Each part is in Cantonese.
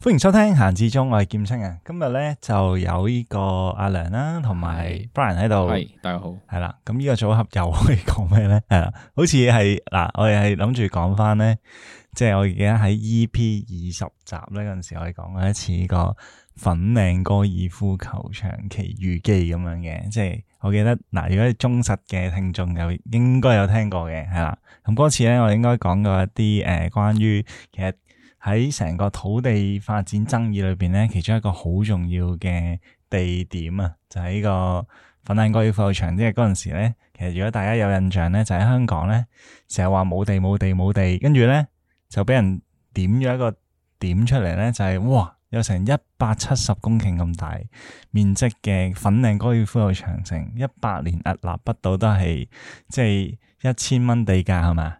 歡迎收聽閒至中，我係劍青啊！今日咧，就有呢個阿良啦，同埋 Brian 喺度。係大家好，係啦。咁呢個組合又可以講咩咧？係啦，好似係嗱，我哋係諗住講翻呢，即係我而家喺 EP 二十集咧嗰陣時，我哋講過一次呢個。粉嶺高爾夫球場奇遇記咁樣嘅，即係我記得嗱，如果忠實嘅聽眾有應該有聽過嘅，係啦。咁嗰次咧，我應該講過一啲誒、呃，關於其實喺成個土地發展爭議裏邊咧，其中一個好重要嘅地點啊，就係、是、呢個粉嶺高爾夫球場。即係嗰陣時咧，其實如果大家有印象咧，就喺香港咧，成日話冇地冇地冇地，跟住咧就俾人點咗一個點出嚟，咧，就係、是、哇！有成一百七十公頃咁大面積嘅粉嶺高爾夫球場，城一百年屹立不倒都係即係一千蚊地價係嘛？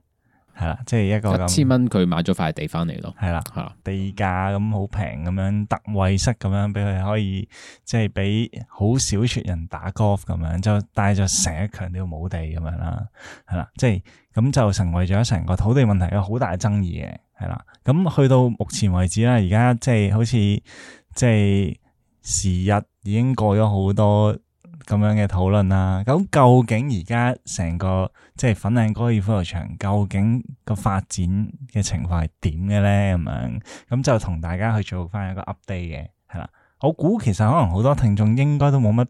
係啦，即係一個一千蚊佢買咗塊地翻嚟咯。係啦吧，係啦吧，地價咁好平咁樣，特惠室咁樣畀佢可以即係畀好少撮人打 golf 咁樣，就帶咗成日強調冇地咁樣啦，係啦，即係咁就成為咗成個土地問題有好大爭議嘅。係啦，咁去到目前為止啦，而家即係好似即係時日已經過咗好多咁樣嘅討論啦。咁究竟而家成個即係粉嶺高爾夫球場究竟個發展嘅情況係點嘅咧？咁樣咁就同大家去做翻一個 update 嘅，係啦。我估其實可能好多聽眾應該都冇乜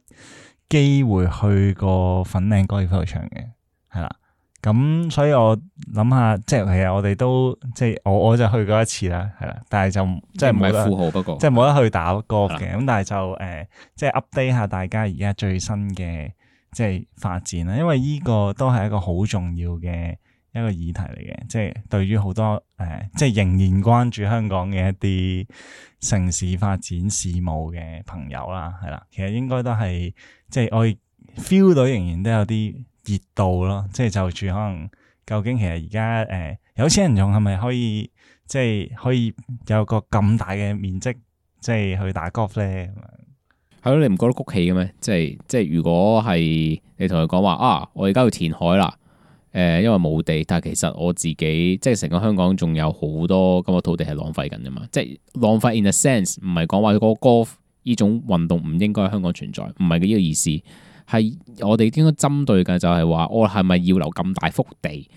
機會去過粉嶺高爾夫球場嘅，係啦。咁所以我諗下，即係其實我哋都即係、就是、我我就去過一次啦，係啦，但係就即係唔係富豪個，即係冇得去打過嘅。咁的但係就誒，即、呃、係、就是、update 下大家而家最新嘅即係發展啦。因為呢個都係一個好重要嘅一個議題嚟嘅，即、就、係、是、對於好多誒，即、呃、係、就是、仍然關注香港嘅一啲城市發展事務嘅朋友啦，係啦，其實應該都係即係我 feel 到仍然都有啲。熱度咯，即係就住可能究竟其實而家誒，有錢人用係咪可以即係可以有個咁大嘅面積，即係去打 golf 咧？係咯、嗯，你唔覺得谷氣嘅咩？即係即係如果係你同佢講話啊，我而家要填海啦，誒、呃，因為冇地，但係其實我自己即係成個香港仲有好多咁嘅土地係浪費緊㗎嘛，即係浪費 in a sense，唔係講話個 golf 依種運動唔應該喺香港存在，唔係嘅依個意思。係我哋應該針對嘅就係話，我係咪要留咁大幅地，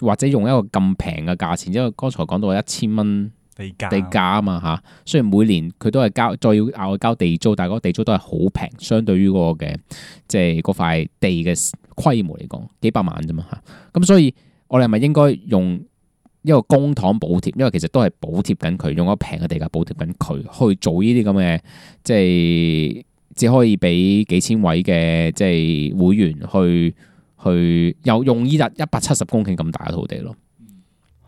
或者用一個咁平嘅價錢？因為剛才講到一千蚊地價地價啊嘛嚇，雖然每年佢都係交，再要嗌交地租，但係嗰個地租都係好平，相對於嗰個嘅即係嗰塊地嘅規模嚟講，幾百萬啫嘛嚇。咁所以我哋係咪應該用一個公帑補貼？因為其實都係補貼緊佢，用一個平嘅地價補貼緊佢去做呢啲咁嘅即係。只可以俾幾千位嘅即係會員去去有用呢日一百七十公頃咁大嘅土地咯？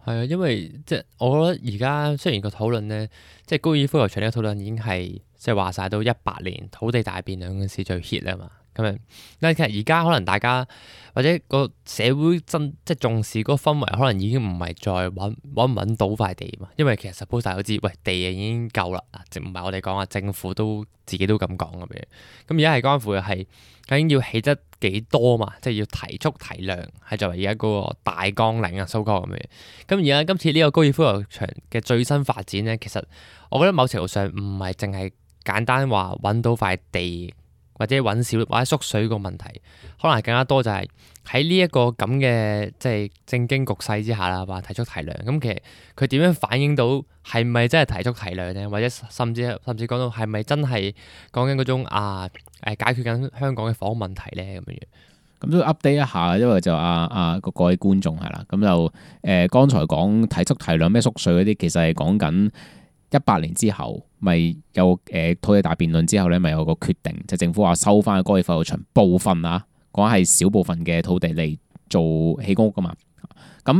係啊，因為即係我覺得而家雖然個討論呢，即係高爾夫球場呢個討論已經係即係話晒到一八年土地大辯論嘅時最 hit 啦嘛。咁樣，但其實而家可能大家或者個社會真即係重視嗰個氛圍，可能已經唔係再揾揾唔揾到塊地嘛。因為其實 suppose 大家都知，喂地啊已經夠啦，啊，唔係我哋講啊，政府都自己都咁講咁樣。咁而家係關乎嘅係究竟要起得幾多嘛，即係要提速提量，係作為而家嗰個大綱領啊，蘇哥咁樣。咁而家今次呢個高爾夫球場嘅最新發展咧，其實我覺得某程度上唔係淨係簡單話揾到塊地。或者揾少或者縮水個問題，可能更加多就係喺呢一個咁嘅即係政經局勢之下啦，話提速提量咁其實佢點樣反映到係咪真係提速提量咧？或者甚至甚至講到係咪真係講緊嗰種啊誒、呃、解決緊香港嘅房屋問題咧咁樣？咁都 update 一下，因為就啊啊各位觀眾係啦，咁就誒、呃、剛才講提速提量咩縮水嗰啲，其實係講緊。一八年之後，咪有誒土地大辯論之後咧，咪有個決定，就是、政府話收翻高爾夫球場部分啊，講、嗰、係、個、小部分嘅土地嚟做起公屋噶嘛。咁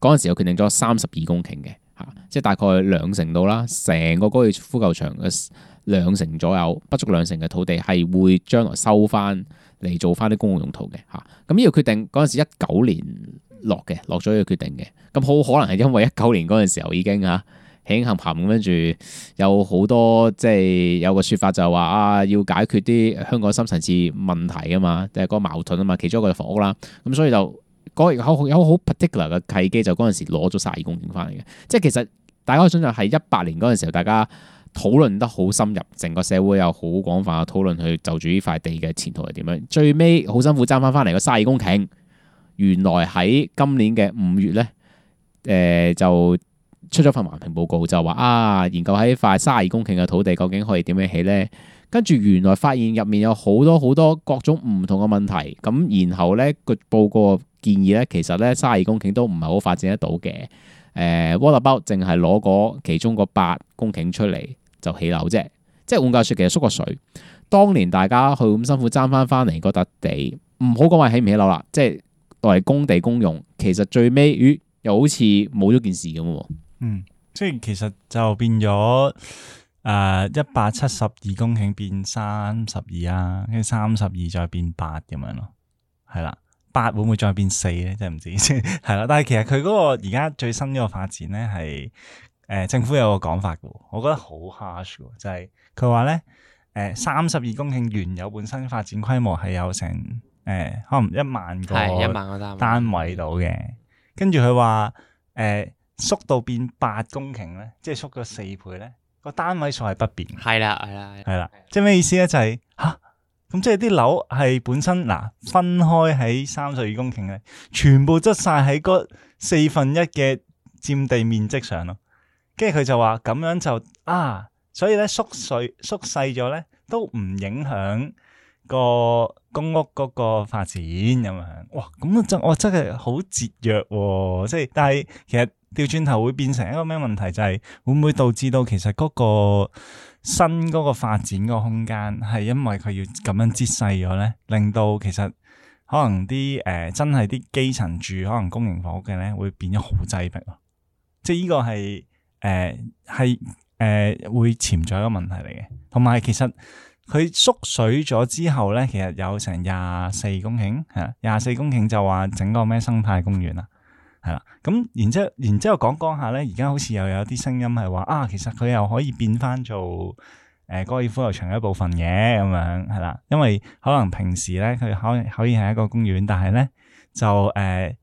嗰陣時又決定咗三十二公頃嘅，嚇，即係大概兩成度啦，成個高爾夫球場嘅兩成左右，不足兩成嘅土地係會將來收翻嚟做翻啲公共用途嘅。嚇，咁呢個決定嗰陣、嗰個、時一九年落嘅，落咗呢個決定嘅，咁好可能係因為一九年嗰陣時候已經嚇。起行行跟住有好多即係有個説法就係話啊，要解決啲香港深層次問題啊嘛，即係個矛盾啊嘛，其中一個就房屋啦。咁所以就嗰個有好 particular 嘅契機，就嗰陣時攞咗卅二公頃翻嚟嘅。即係其實大家可以想象係一八年嗰陣時候，大家討論得好深入，成個社會又好廣泛嘅討論去就住呢塊地嘅前途係點樣。最尾好辛苦爭翻翻嚟個卅二公頃，原來喺今年嘅五月呢，誒就。出咗份環評報告，就話啊，研究喺塊卅二公頃嘅土地，究竟可以點樣起呢？跟住原來發現入面有好多好多各種唔同嘅問題，咁然後呢，個報告建議呢，其實呢，卅二公頃都唔係好發展得到嘅。誒 w a l d a u 淨係攞個其中個八公頃出嚟就起樓啫，即係換句説，其實縮個水。當年大家去咁辛苦爭翻翻嚟嗰笪地，唔好講話起唔起樓啦，即係作為公地公用，其實最尾咦、呃、又好似冇咗件事咁喎。嗯，即係其實就變咗誒一百七十二公頃變三十二啊，跟住三十二再變八咁樣咯，係啦，八會唔會再變四咧？即係唔知，係 啦。但係其實佢嗰、嗰個而家最新嗰個發展咧，係誒、呃、政府有個講法嘅，我覺得好 harsh 嘅，就係佢話咧，誒三十二公頃原有本身發展規模係有成誒、呃、可能一萬個係一萬個單位到嘅，跟住佢話誒。呃縮到變八公頃咧，即係縮咗四倍咧，個單位數係不變。係啦，係啦，係啦。即係咩意思咧？就係吓，咁即係啲樓係本身嗱分開喺三十二公頃咧，全部執晒，喺嗰四分一嘅佔地面積上啦。跟住佢就話咁樣就啊，所以咧縮水縮細咗咧都唔影響個公屋嗰個發展咁樣。哇，咁啊真，哇真係好節約，即係但係其實。調轉頭會變成一個咩問題？就係、是、會唔會導致到其實嗰個新嗰個發展個空間係因為佢要咁樣折細咗咧，令到其實可能啲誒、呃、真係啲基層住可能公營房屋嘅咧會變咗好擠迫咯。即係呢個係誒係誒會潛在一個問題嚟嘅。同埋其實佢縮水咗之後咧，其實有成廿四公頃吓，廿四公頃就話整個咩生態公園啦。係啦，咁然之後，然之後講講下咧，而家好似又有啲聲音係話啊，其實佢又可以變翻做誒，高、呃、爾夫球場一部分嘅咁樣，係啦，因為可能平時咧佢可可以係一個公園，但係咧就誒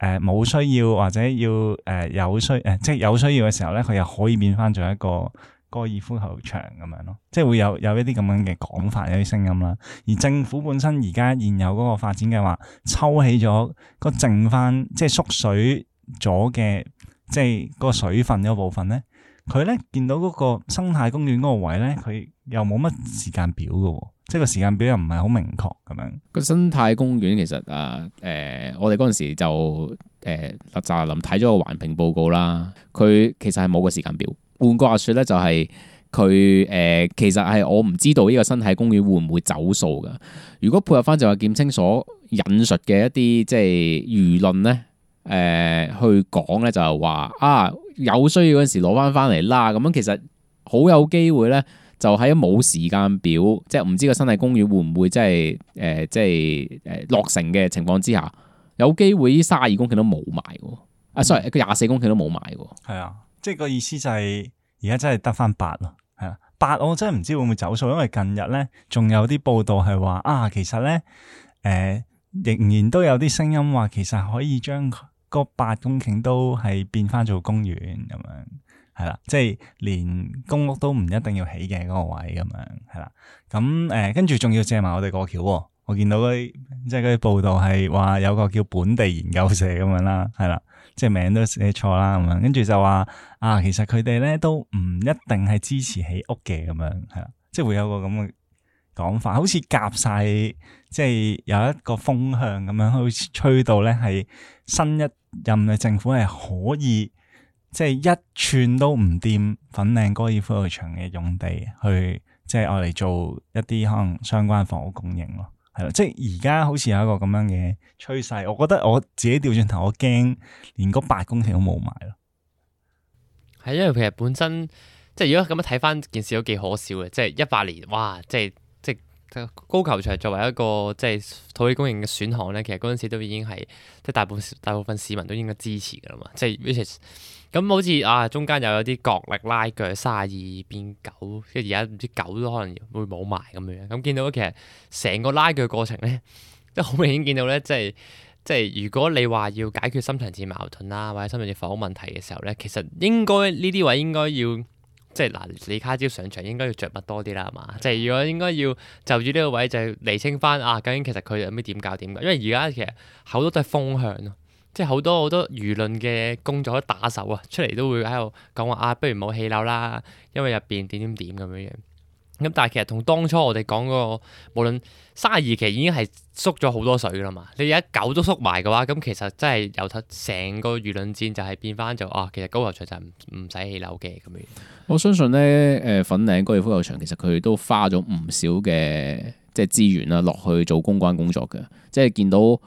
誒冇需要或者要誒有需誒，即、呃、係有需要嘅、呃、時候咧，佢又可以變翻做一個。高爾夫球場咁樣咯，即係會有有一啲咁樣嘅講法，有啲聲音啦。而政府本身而家現有嗰個發展計劃，抽起咗個淨返，即係縮水咗嘅，即係個水分嗰部分咧。佢咧見到嗰個生態公園嗰個位咧，佢又冇乜時間表嘅，即係個時間表又唔係好明確咁樣。個生態公園其實啊，誒、呃，我哋嗰陣時就誒，阿澤林睇咗個環評報告啦，佢其實係冇個時間表。換個話説，咧，就係佢誒，其實係我唔知道呢個生態公園會唔會走數。噶如果配合翻就話劍青所引述嘅一啲即係輿論咧，誒、呃、去講咧、就是，就係話啊有需要嗰陣時攞翻翻嚟啦。咁、啊、樣其實好有機會咧，就喺冇時間表，即係唔知個生態公園會唔會、就是呃、即係誒即係誒落成嘅情況之下，有機會卅二公頃都冇賣喎。啊，sorry，佢廿四公頃都冇賣喎。係啊。即係個意思就係而家真係得翻八咯。係啦，八我真係唔知會唔會走數，因為近日咧仲有啲報道係話啊，其實咧，誒、呃、仍然都有啲聲音話，其實可以將嗰八公頃都係變翻做公園咁樣，係啦，即係連公屋都唔一定要起嘅嗰個位咁樣，係啦，咁誒跟住仲要借埋我哋個橋喎，我見到嗰，即係嗰啲報道係話有個叫本地研究社咁樣啦，係啦。即係名都寫錯啦咁樣，跟住就話啊，其實佢哋咧都唔一定係支持起屋嘅咁樣，係啦，即係會有個咁嘅講法，好似夾晒，即係有一個風向咁樣，好似吹到咧係新一任嘅政府係可以，即係一寸都唔掂粉嶺高爾夫球場嘅用地去，即係愛嚟做一啲可能相關房屋供應咯。係咯，即係而家好似有一個咁樣嘅趨勢，我覺得我自己調轉頭，我驚連嗰八公頃都冇埋咯。係因為其實本身即係如果咁樣睇翻件事都幾可笑嘅，即係一八年，哇，即係。高球場作為一個即係土地供應嘅選項咧，其實嗰陣時都已經係即係大部大部分市民都應該支持㗎啦嘛，即係咁好似啊中間又有啲角力拉鋸，三十二變九，即係而家唔知九都可能會冇埋咁樣。咁見到其實成個拉鋸過程咧，即係好明顯見到咧，即係即係如果你話要解決深層次矛盾啦，或者深層次房屋問，問題嘅時候咧，其實應該呢啲位應該要。即係嗱，你卡之上場應該要著物多啲啦，係嘛？即係如果應該要就住呢個位，就要釐清翻啊，究竟其實佢有咩點搞點？因為而家其實好多都係風向咯，即係好多好多輿論嘅工作都打手啊，出嚟都會喺度講話啊，不如唔好起樓啦，因為入邊點點點咁樣樣。咁但係其實同當初我哋講嗰個無論三十二期已經係縮咗好多水噶啦嘛，你而家九都縮埋嘅話，咁其實真係由頭成個輿論戰就係變翻就啊，其實高球場就唔唔使起樓嘅咁樣。我相信呢誒粉嶺高爾夫球場其實佢都花咗唔少嘅即係資源啦，落去做公關工作嘅，即係見到誒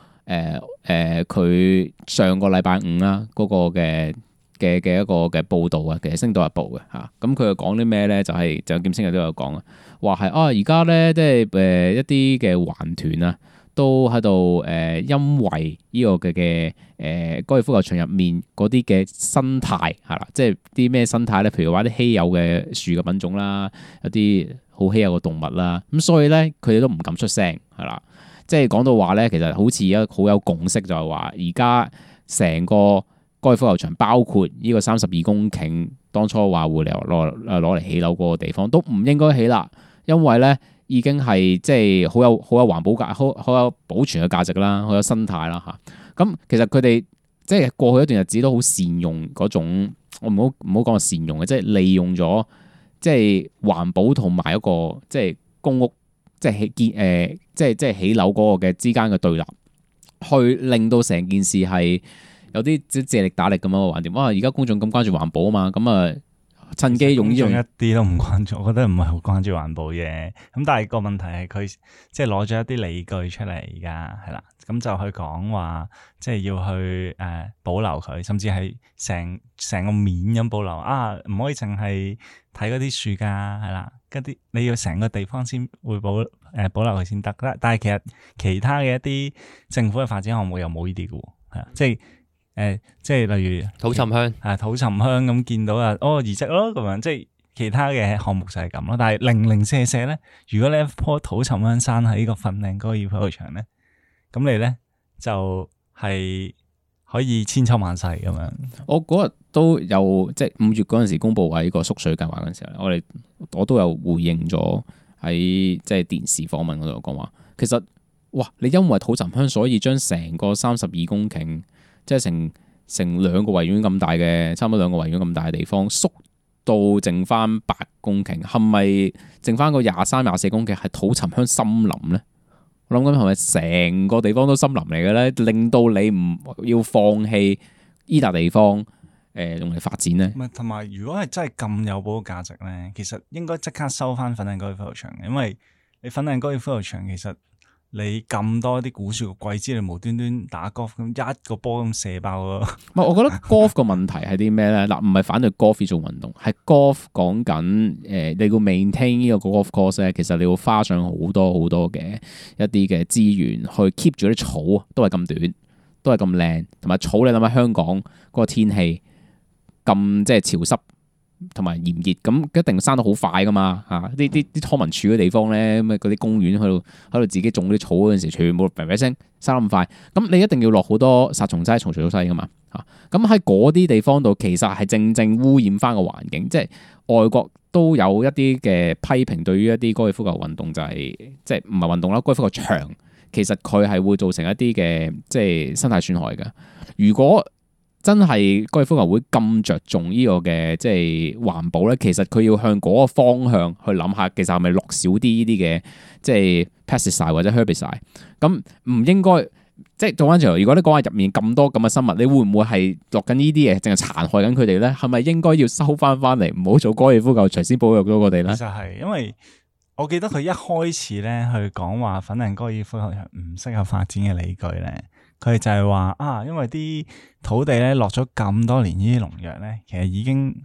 誒佢上個禮拜五啦嗰、那個嘅。嘅嘅一個嘅報道啊，其實星島日報嘅吓，咁佢又講啲咩呢？就係、是、就劍星日都有講啊，話係啊，而家呢，即係誒一啲嘅環團啊，都喺度誒，因為呢、這個嘅嘅、呃、高爾夫球場入面嗰啲嘅生態係啦，即係啲咩生態呢？譬如話啲稀有嘅樹嘅品種啦，一啲好稀有嘅動物啦，咁、啊、所以呢，佢哋都唔敢出聲係啦、啊，即係講到話呢，其實好似有好有共識就係話，而家成個。該高球場包括呢個三十二公頃，當初話會嚟攞攞嚟起樓嗰個地方都唔應該起啦，因為呢已經係即係好有好有環保價，好好有保存嘅價值啦，好有生態啦嚇。咁其實佢哋即係過去一段日子都好善用嗰種，我唔好唔好講善用嘅，即係利用咗即係環保同埋一個即係公屋，即係建誒，即係即係起樓嗰個嘅之間嘅對立，去令到成件事係。有啲即借力打力咁樣嘅環境啊！而家公眾咁關注環保啊嘛，咁、嗯、啊趁機用呢樣一啲都唔關注，我覺得唔係好關注環保嘅。咁但係個問題係佢即係攞咗一啲理據出嚟而家係啦，咁就去講話即係要去誒、呃、保留佢，甚至係成成個面咁保留啊！唔可以淨係睇嗰啲樹㗎係啦，跟啲你要成個地方先會保誒、呃、保留佢先得。但係其實其他嘅一啲政府嘅發展項目又冇呢啲嘅喎，啊，嗯、即係。誒、哎，即係例如土沉香，啊土沉香咁見到啊，哦移植咯咁樣，即係其他嘅項目就係咁咯。但係零零舍舍咧，如果你一樖土沉香生喺個粉嶺高爾夫球場咧，咁你咧就係、是、可以千秋萬世咁樣。我嗰日都有即係五月嗰陣時公布喺個縮水計劃嗰陣時候，我哋我都有回應咗喺即係電視訪問嗰度講話，其實哇，你因為土沉香所以將成個三十二公頃即係成成兩個維園咁大嘅，差唔多兩個維園咁大嘅地方，縮到剩翻八公頃，係咪剩翻個廿三廿四公頃係土沉香森林呢？我諗緊係咪成個地方都森林嚟嘅呢？令到你唔要放棄依笪地方，誒、呃、用嚟發展呢？同埋如果係真係咁有保育價值呢，其實應該即刻收翻粉嶺高爾夫球場，因為你粉嶺高爾夫球場其實。你咁多啲古樹嘅季節，你無端端打 golf，咁一個波咁射爆咯。唔係，我覺得 golf 嘅問題係啲咩咧？嗱，唔係反對 golf 做運動，係 golf 講緊誒、呃，你要 maintain 呢個 golf course 呢，其實你要花上好多好多嘅一啲嘅資源去 keep 住啲草啊，都係咁短，都係咁靚，同埋草你諗下香港嗰個天氣咁即係潮濕。同埋炎熱咁，一定生得好快噶嘛嚇！啲啲啲康文署嘅地方咧，咁嗰啲公園喺度喺度自己種啲草嗰陣時，全部嘭嘭聲生咁快，咁你一定要落好多殺蟲劑，蟲除到晒噶嘛嚇！咁喺嗰啲地方度，其實係正正污染翻個環境。即係外國都有一啲嘅批評，對於一啲高爾夫球運動就係即係唔係運動啦，高爾夫球場其實佢係會造成一啲嘅即係生態損害嘅。如果真係高爾夫球會咁着重呢個嘅，即係環保咧。其實佢要向嗰個方向去諗下，其實係咪落少啲呢啲嘅，即係 pesticide 或者 herbicide、嗯。咁唔應該即係做翻轉頭。如果你講話入面咁多咁嘅生物，你會唔會係落緊呢啲嘢，淨係殘害緊佢哋咧？係咪應該要收翻翻嚟，唔好做高爾夫球場先保育多過佢咧？其實係，因為我記得佢一開始咧去講話粉嶺高爾夫球唔適合發展嘅理據咧。佢就係話啊，因為啲土地咧落咗咁多年呢啲農藥咧，其實已經誒、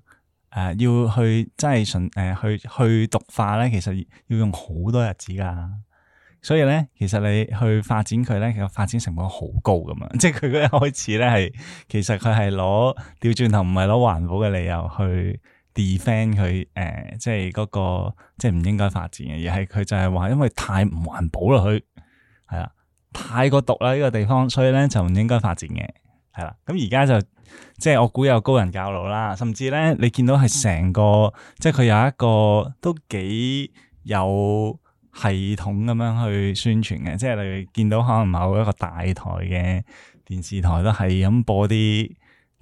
呃、要去即係純誒去去毒化咧，其實要用好多日子噶。所以咧，其實你去發展佢咧，其實發展成本好高咁啊！即係佢嗰一開始咧係，其實佢係攞調轉頭唔係攞環保嘅理由去 defend 佢誒、呃，即係嗰個即係唔應該發展嘅，而係佢就係話因為太唔環保啦，佢。太過毒啦呢，這個地方，所以咧就唔應該發展嘅，係啦。咁而家就即係我估有高人教路啦，甚至咧你見到係成個，嗯、即係佢有一個都幾有系統咁樣去宣傳嘅，即係例如見到可能某一個大台嘅電視台都係咁播啲，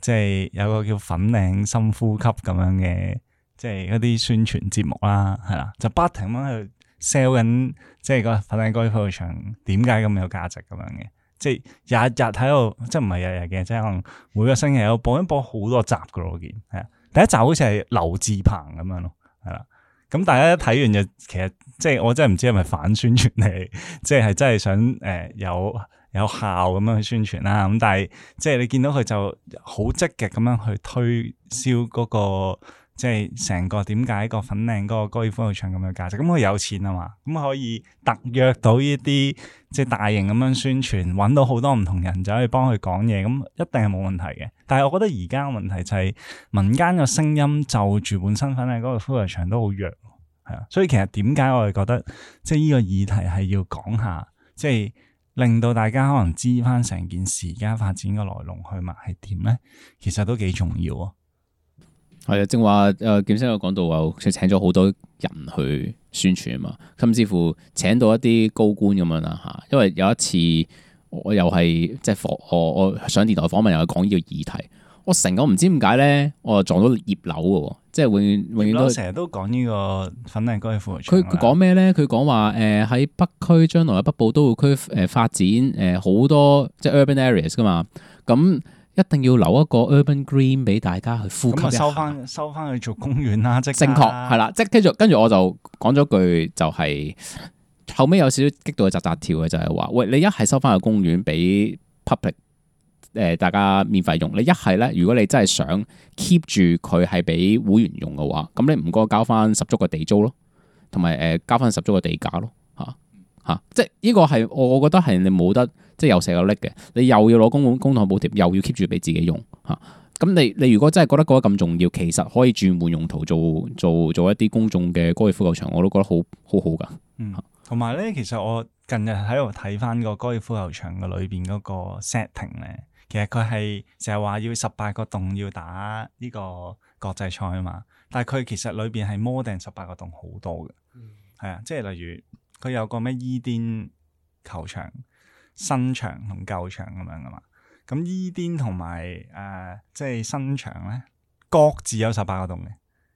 即係有個叫粉嶺深呼吸咁樣嘅，即係一啲宣傳節目啦，係啦，就不停咁去 sell 緊即係個粉嶺高球場，點解咁有價值咁樣嘅？即係日日喺度，即係唔係日日嘅，即係可能每個星期有播一播好多集㗎。我見係啊，第一集好似係劉智鵬咁樣咯，係啦。咁、嗯、大家一睇完就，其實即係我真係唔知係咪反宣傳嚟，即係係真係想誒、呃、有有效咁樣去宣傳啦。咁、嗯、但係即係你見到佢就好積極咁樣去推銷嗰、那個。即係成個點解個粉嶺嗰個高爾夫球場咁嘅價值？咁佢有錢啊嘛，咁可以特約到呢啲即係大型咁樣宣傳，搵到好多唔同人就可以幫佢講嘢，咁一定係冇問題嘅。但係我覺得而家嘅問題就係民間嘅聲音就住本身粉嶺嗰個高爾夫球場都好弱，係啊。所以其實點解我哋覺得即係呢個議題係要講下，即係令到大家可能知翻成件事而家發展嘅來龍去脈係點咧？其實都幾重要啊！係啊，正話誒，劍生又講到話，佢請咗好多人去宣傳啊嘛，甚至乎請到一啲高官咁樣啦吓。因為有一次，我又係即係訪我，我上電台訪問又係講呢個議題，我成個唔知點解咧，我撞到葉劉嘅，即係永遠永遠都。我成日都講呢個粉嶺高爾夫球場。佢佢講咩咧？佢講話誒喺北區將來嘅北部都會區誒發展誒好多即係 urban areas 噶嘛，咁。一定要留一個 urban green 俾大家去呼吸一下，收翻收翻去做公園啦，即、啊、正確係啦。即跟住跟住我就講咗句就係、是、後尾有少少激到佢扎扎跳嘅就係、是、話，喂，你一係收翻個公園俾 public 誒、呃、大家免費用，你一係咧，如果你真係想 keep 住佢係俾會員用嘅話，咁你唔該交翻十足個地租咯，同埋誒交翻十足個地價咯，嚇、啊、嚇、啊啊。即係呢個係我我覺得係你冇得。即係有射有叻嘅，你又要攞公帑公帑補貼，又要 keep 住俾自己用吓。咁、啊、你你如果真係覺得嗰啲咁重要，其實可以轉換用途做，做做做一啲公眾嘅高爾夫球場，我都覺得好好好噶。啊、嗯，同埋咧，其實我近日喺度睇翻個高爾夫球場嘅裏邊嗰個 setting 咧，其實佢係成日話要十八個洞要打呢個國際賽啊嘛，但係佢其實裏邊係 more than 十八個洞好多嘅。嗯，係啊，即係例如佢有個咩伊甸球場。新場同舊場咁樣噶嘛？咁伊甸同埋誒，即係新場咧，各自有十八個洞嘅。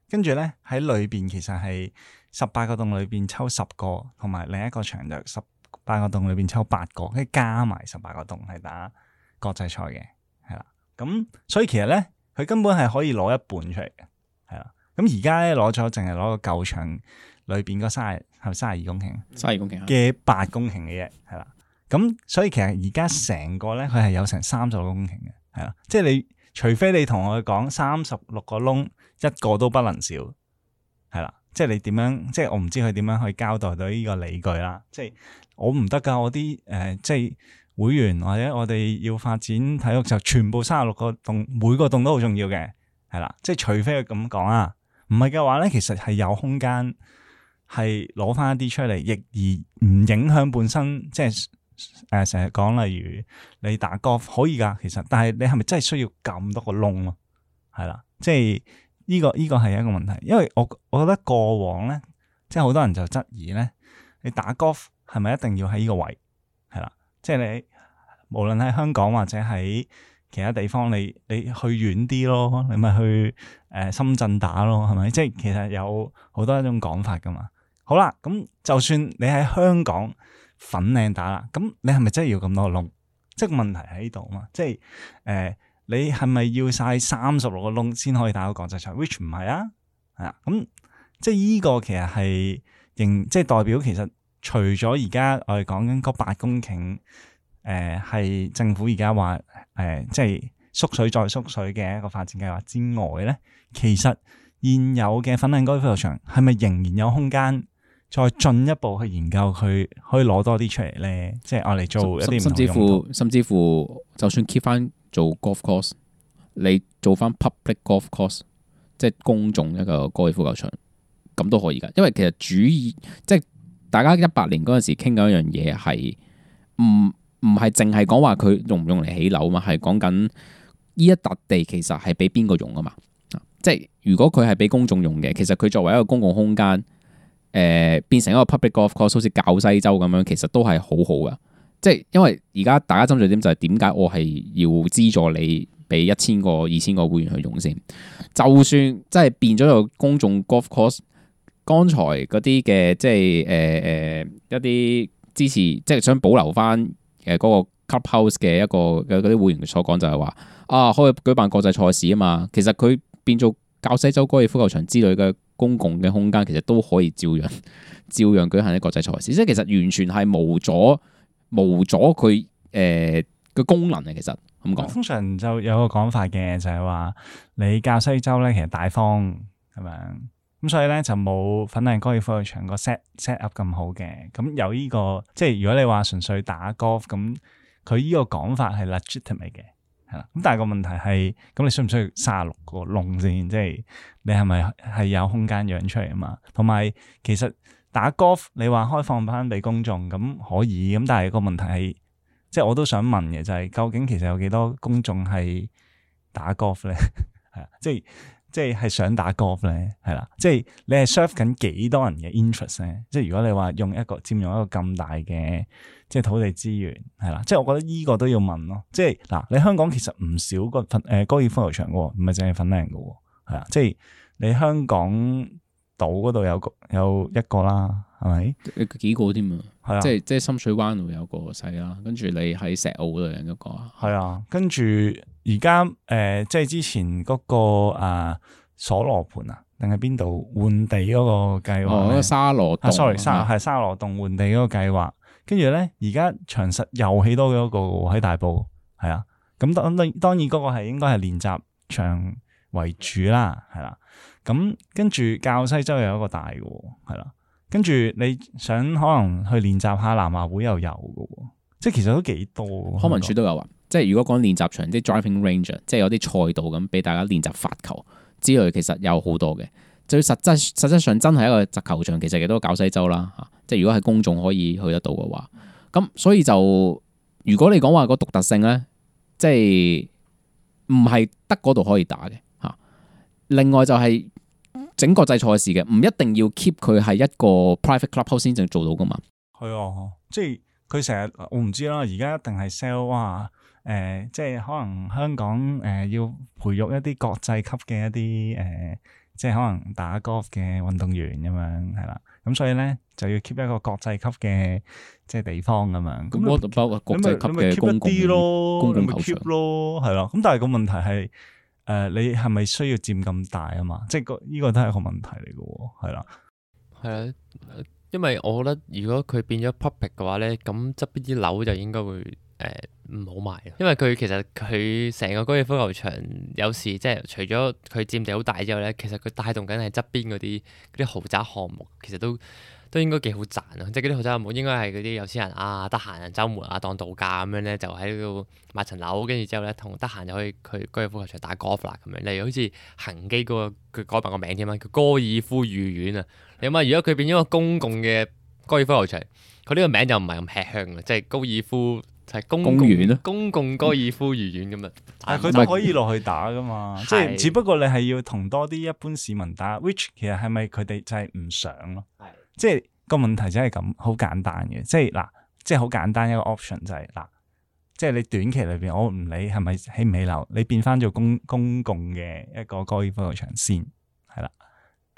跟住咧喺裏邊，其實係十八個洞裏邊抽十個，同埋另一個場就十八個洞裏邊抽八個，跟住加埋十八個洞係打國際賽嘅，係啦。咁所以其實咧，佢根本係可以攞一半出嚟嘅，係啦。咁而家咧，攞咗淨係攞個舊場裏邊嗰卅，係咪卅二公頃？卅二公頃嘅八公頃嘅啫，係啦。咁所以其實而家成個咧，佢係有成三十六公頃嘅，係啦，即係你除非你同我講三十六個窿，一個都不能少，係啦，即係你點樣，即係我唔知佢點樣去交代到呢個理據啦。即係我唔得噶，我啲誒、呃、即係會員或者我哋要發展體育就全部三十六個洞，每個洞都好重要嘅，係啦。即係除非佢咁講啊，唔係嘅話咧，其實係有空間係攞翻一啲出嚟，亦而唔影響本身即係。誒，成日講例如你打 golf 可以噶，其實，但係你係咪真係需要咁多個窿咯，啊？係啦，即係呢個呢個係一個問題，因為我我覺得過往咧，即係好多人就質疑咧，你打 golf 係咪一定要喺呢個位？係啦，即係你無論喺香港或者喺其他地方，你你去遠啲咯，你咪去誒、呃、深圳打咯，係咪？即係其實有好多一種講法噶嘛。好啦，咁就算你喺香港，粉嶺打啦，咁你係咪真係要咁多窿？即係個問題喺度啊嘛，即係誒、呃，你係咪要晒三十六個窿先可以打到國際賽？which 唔係啊，係啊，咁即係呢個其實係仍即係代表，其實除咗而家我哋講緊嗰八公頃誒係政府而家話誒，即係縮水再縮水嘅一個發展計劃之外咧，其實現有嘅粉嶺高爾夫球場係咪仍然有空間？再進一步去研究，佢可以攞多啲出嚟呢，即係我嚟做一啲甚至乎，甚至乎，就算 keep 翻做 golf course，你做翻 public golf course，即係公眾一個高爾夫球場，咁都可以噶。因為其實主要即係大家一八年嗰陣時傾緊一樣嘢，係唔唔係淨係講話佢用唔用嚟起樓嘛？係講緊呢一笪地其實係俾邊個用啊嘛？即係如果佢係俾公眾用嘅，其實佢作為一個公共空間。誒、呃、變成一個 public golf course 好似滘西洲咁樣，其實都係好好㗎。即係因為而家大家爭取點就係點解我係要資助你俾一千個、二千個會員去用先？就算真係變咗個公眾 golf course，剛才嗰啲嘅即係誒誒一啲支持，即係想保留返誒嗰個 clubhouse 嘅一個嘅嗰啲會員所講就係話啊，可以舉辦國際賽事啊嘛。其實佢變做滘西洲高爾夫球場之類嘅。公共嘅空間其實都可以照樣照樣舉行啲國際賽事，即係其實完全係無咗無咗佢誒個功能嘅，其實咁講。通常就有個講法嘅就係話，你教西周咧，其實大方咁樣，咁所以咧就冇粉嶺高爾夫場個 set set up 咁好嘅，咁有呢個即係如果你話純粹打 golf 咁，佢呢個講法係 legitimate 嘅。係啦，咁但係個問題係，咁你需唔需要卅六個窿先？即係你係咪係有空間養出嚟啊嘛？同埋，其實打 golf 你話開放翻俾公眾，咁可以，咁但係個問題係，即係我都想問嘅就係，究竟其實有幾多公眾係打 golf 咧？係 啊，即係即係係想打 golf 咧？係啦，即係你係 serve 緊幾多人嘅 interest 咧？即係如果你話用一個佔用一個咁大嘅。即係土地資源係啦，即係我覺得依個都要問咯。即係嗱，你香港其實唔少個、呃、粉高爾夫球場嘅喎，唔係淨係粉嶺嘅喎，係啊。即係你香港島嗰度有個有一個啦，係咪？幾個添啊？係啊的。即係即係深水灣度有個細啦，跟住你喺石澳嗰度有一個啊。係啊，跟住而家誒，即係之前嗰、嗰個啊，鎖、呃、羅盤啊，定係邊度換地嗰個計劃、哦？沙羅啊、sorry 沙係的沙羅洞換地嗰個計劃。跟住咧，而家長實又起多咗一個喺大埔，係啊，咁當當然嗰個係應該係練習場為主啦，係啦，咁跟住滘西洲又有一個大嘅，係啦，跟住你想可能去練習下南華會又有嘅喎，即係其實都幾多，康文署都有啊，即係如果講練習場啲 driving range，即係有啲賽道咁俾大家練習發球之類，其實有好多嘅。最實質、實質上真係一個集球場，其實亦都搞西周啦嚇。即係如果係公眾可以去得到嘅話，咁所以就如果你講話個獨特性咧，即係唔係得嗰度可以打嘅嚇。另外就係整國際賽事嘅，唔一定要 keep 佢係一個 private club 先至做到噶嘛。係啊、哦，即係佢成日我唔知啦。而家一定係 sell 啊，誒、呃，即係可能香港誒、呃、要培育一啲國際級嘅一啲誒。呃即係可能打 golf 嘅運動員咁樣係啦，咁所以咧就要 keep 一個國際級嘅即係地方咁樣。咁我就包括國際級嘅公共，公共球場咯，係啦。咁但係個問題係，誒，你係咪需要佔咁大啊嘛？即係個呢個都係一個問題嚟嘅，係啦。係啊，因為我覺得如果佢變咗 public 嘅話咧，咁側邊啲樓就應該會。誒唔、嗯、好買咯，因為佢其實佢成個高爾夫球場有時即係除咗佢佔地好大之外咧，其實佢帶動緊係側邊嗰啲啲豪宅項目，其實都都應該幾好賺啊！即係嗰啲豪宅項目應該係嗰啲有錢人啊，得閒啊，周末啊，當度假咁樣咧，就喺度買層樓，跟住之後咧，同得閒就可以去高爾夫球場打 golf 啦咁樣。例如好似恒基嗰、那個佢改埋個,個名添啊，叫、就是、高爾夫御苑啊，你諗下，如果佢變咗個公共嘅高爾夫球場，佢呢個名就唔係咁吃香啦，即係高爾夫。係公，公園公共高爾夫球園咁啊，佢、哎、都可以落去打噶嘛， 是即係只不過你係要同多啲一,一般市民打 是，which 其實係咪佢哋就係唔想咯？係的，即係、個問題真係咁好簡單嘅，即係嗱，即係好簡單一個 option 就係、是、嗱，即係你短期裏邊我唔理係咪起唔起樓，你變翻做公公共嘅一個高爾夫球場先，係啦，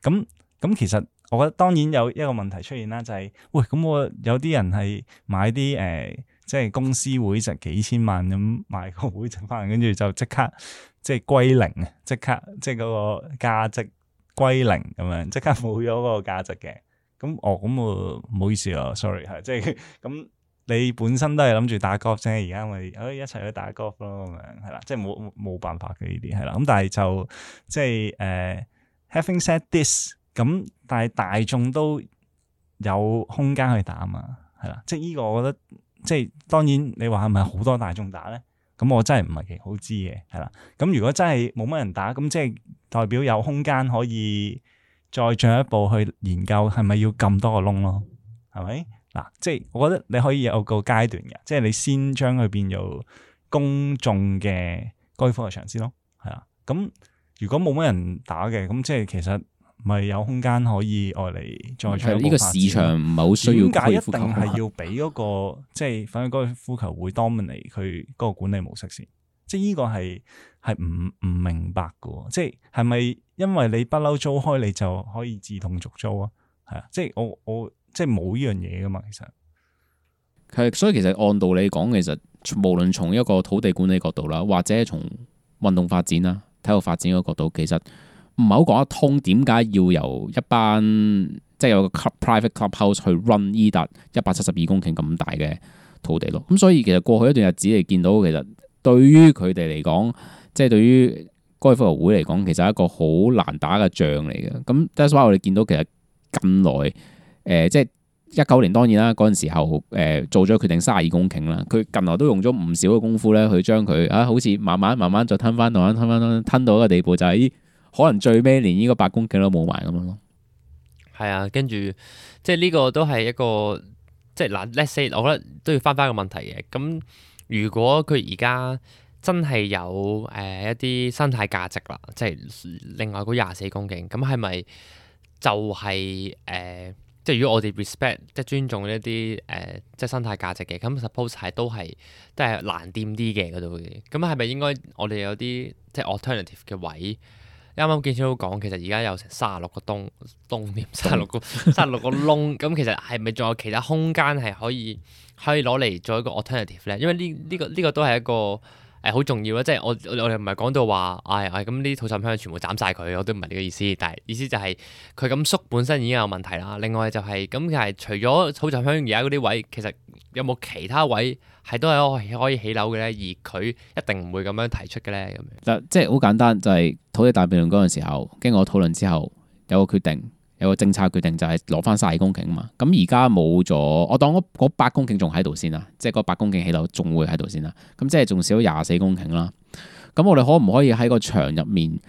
咁咁其實我覺得當然有一個問題出現啦，就係、是、喂，咁我有啲人係買啲誒。呃即係公司會值幾千萬咁賣個會值，翻，跟住就刻即刻即係歸零啊！即刻即係嗰個價值歸零咁樣，即刻冇咗嗰個價值嘅。咁哦，咁我唔好意思啊，sorry 係，即係咁你本身都係諗住打 golf 嘅，而家咪可以一齊去打 golf 咯，咁樣係啦，即係冇冇辦法嘅呢啲係啦。咁但係就即係誒、呃，having said this，咁但係大眾都有空間去打嘛，係啦。即係呢個我覺得。即係當然，你話係咪好多大眾打咧？咁我真係唔係幾好知嘅，係啦。咁如果真係冇乜人打，咁即係代表有空間可以再進一步去研究係咪要咁多個窿咯？係咪吧？嗱、啊，即係我覺得你可以有個階段嘅，即係你先將佢變做公眾嘅高球場先咯。係啊，咁如果冇乜人打嘅，咁即係其實。咪有空間可以愛嚟再做發展。呢個市場唔係好需要。點解一定係要俾嗰、嗰個即係，即係、反正嗰個高球會 dominate 佢嗰個管理模式先、嗯嗯？即係呢個係係唔唔明白嘅。即係係咪因為你不嬲租開，你就可以自動續租啊？係、嗯、啊，即係我我即係冇呢樣嘢噶嘛。其實係，所以其實按道理講，其實無論從一個土地管理角度啦，或者從運動發展啦、體育發展嘅角度，其實。唔係好講得通，點解要由一班即係、就是、有個 Club, private clubhouse 去 run 依笪一百七十二公頃咁大嘅土地囉。咁所以其實過去一段日子，你見到其實對於佢哋嚟講，即、就、係、是、對於高爾夫球會嚟講，其實係一個好難打嘅仗嚟嘅。咁 despite 我哋見到其實近來誒，即係一九年當然啦，嗰陣時候誒、呃、做咗決定三十二公頃啦。佢近來都用咗唔少嘅功夫咧，去將佢啊，好似慢慢慢慢再吞翻，慢慢吞翻，吞到一個地步就係、是。可能最尾連呢個八公頃都冇埋咁樣咯，係啊，跟住即係呢個都係一個即係嗱，let's say 我覺得都要翻翻個問題嘅。咁如果佢而家真係有誒、呃、一啲生態價值啦，即係另外嗰廿四公頃，咁係咪就係、是、誒、呃、即係如果我哋 respect 即係尊重一啲誒、呃、即係生態價值嘅，咁 suppose 係都係都係難掂啲嘅嗰度嘅。咁係咪應該我哋有啲即係 alternative 嘅位？啱啱建超講，其實而家有成三十六個窿，窿、點三十六個三十六個窿，咁 其實係咪仲有其他空間係可以可以攞嚟做一個 alternative 咧？因為呢呢、這個呢、這個都係一個誒好、呃、重要咯，即、就、係、是、我我哋唔係講到話，哎哎，咁呢啲土沉香全部斬晒佢，我都唔係呢個意思，但係意思就係佢咁縮本身已經有問題啦。另外就係咁其實除咗土沉香而家嗰啲位，其實。有冇其他位係都係可以起樓嘅咧？而佢一定唔會咁樣提出嘅咧咁樣。嗱，即係好簡單，就係、是、土地大變動土地大辯論嗰陣時候，經過討論之後有個決定，有個政策決定就係攞翻卅公頃啊嘛。咁而家冇咗，我當嗰嗰八公頃仲喺度先啦，即係嗰八公頃起樓仲會喺度先啦。咁、嗯、即係仲少廿四公頃啦。咁、嗯、我哋可唔可以喺個場入面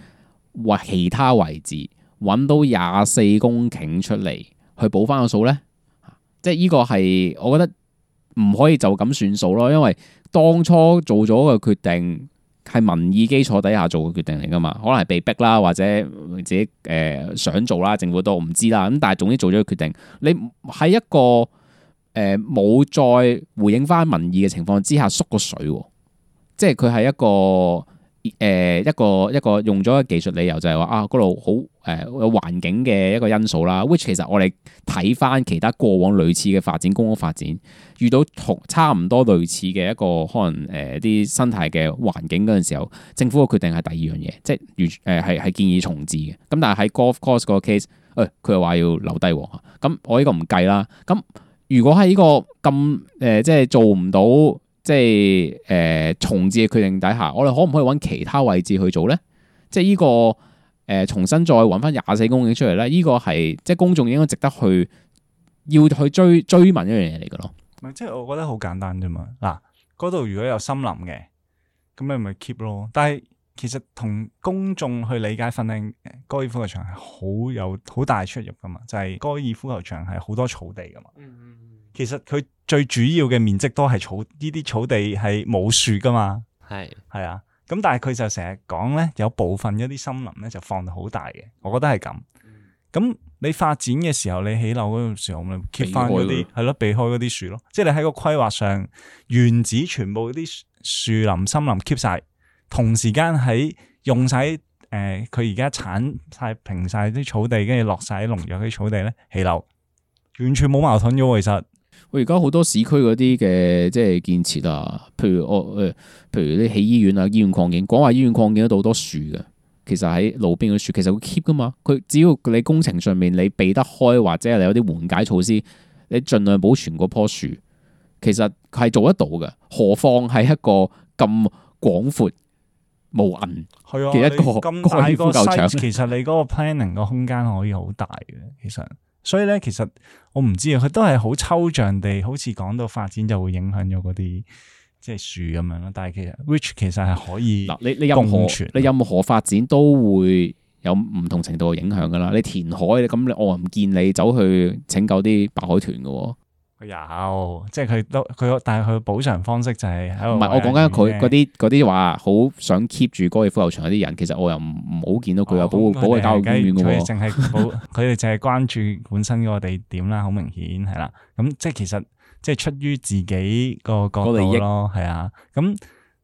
或其他位置揾到廿四公頃出嚟去補翻個數咧？即係呢個係我覺得。唔可以就咁算數咯，因為當初做咗個決定係民意基礎底下做嘅決定嚟噶嘛，可能係被逼啦，或者自己誒、呃、想做啦，政府都唔知啦。咁但係總之做咗個決定，你喺一個冇、呃、再回應翻民意嘅情況之下縮個水，即係佢係一個。誒一個一個用咗個技術理由就係、是、話啊，嗰度好誒環境嘅一個因素啦 ，which 其實我哋睇翻其他過往類似嘅發展，公屋發展遇到同差唔多類似嘅一個可能誒啲、呃、生態嘅環境嗰陣時候，政府嘅決定係第二樣嘢，即係完誒係係建議重置嘅。咁但係喺 Golf Course 個 case，誒佢又話要留低喎。咁我呢個唔計啦。咁如果喺呢個咁誒、呃、即係做唔到。即係誒、呃、重置嘅決定底下，我哋可唔可以揾其他位置去做咧？即係呢、這個誒、呃、重新再揾翻廿四公頃出嚟咧，呢、這個係即係公眾應該值得去要去追追問一樣嘢嚟㗎咯。唔係即係我覺得好簡單啫嘛。嗱、啊，嗰度如果有森林嘅，咁你咪 keep 咯。但係其實同公眾去理解訓練高爾夫球場係好有好大出入噶嘛。就係、是、高爾夫球場係好多草地噶嘛。嗯嗯。其實佢。最主要嘅面積都係草呢啲草地係冇樹㗎嘛，係係是啊，咁但係佢就成日講咧，有部分一啲森林咧就放得好大嘅，我覺得係咁。咁、嗯、你發展嘅時候，你起樓嗰陣時候咪 keep 返嗰啲係咯，避開嗰啲、啊、樹咯，即係你喺個規劃上原址全部啲樹林森林 keep 晒，同時間喺用晒。誒佢而家鏟晒、平晒啲草地，跟住落晒啲農藥啲草地咧起樓，完全冇矛盾嘅喎，其實。我而家好多市區嗰啲嘅即係建設啊，譬如我誒、哦，譬如啲起醫院啊，醫院擴建，廣華醫院擴建得到好多樹嘅。其實喺路邊嘅樹，其實會 keep 㗎嘛。佢只要你工程上面你避得開，或者你有啲緩解措施，你儘量保存嗰棵樹，其實係做得到嘅。何況係一個咁廣闊無垠嘅一個咁、啊、大個 size，其實你嗰個 planning 個空間可以好大嘅，其實。所以咧，其實我唔知啊，佢都係好抽象地，好似講到發展就會影響咗嗰啲即係樹咁樣咯。但係其實，which 其實係可以共存，你你任何你任何發展都會有唔同程度嘅影響噶啦。你填海咧，咁你我又唔見你走去拯救啲白海豚噶喎？有，即係佢都佢，但係佢補償方式就係喺度。唔係，我講緊佢嗰啲嗰啲話，好想 keep 住高爾夫球場嗰啲人，其實我又唔唔好見到佢有、哦、保保育教育公園淨係保佢哋淨係關注本身嗰個地點啦，好明顯係啦。咁即係其實即係出於自己個角利益咯，係啊。咁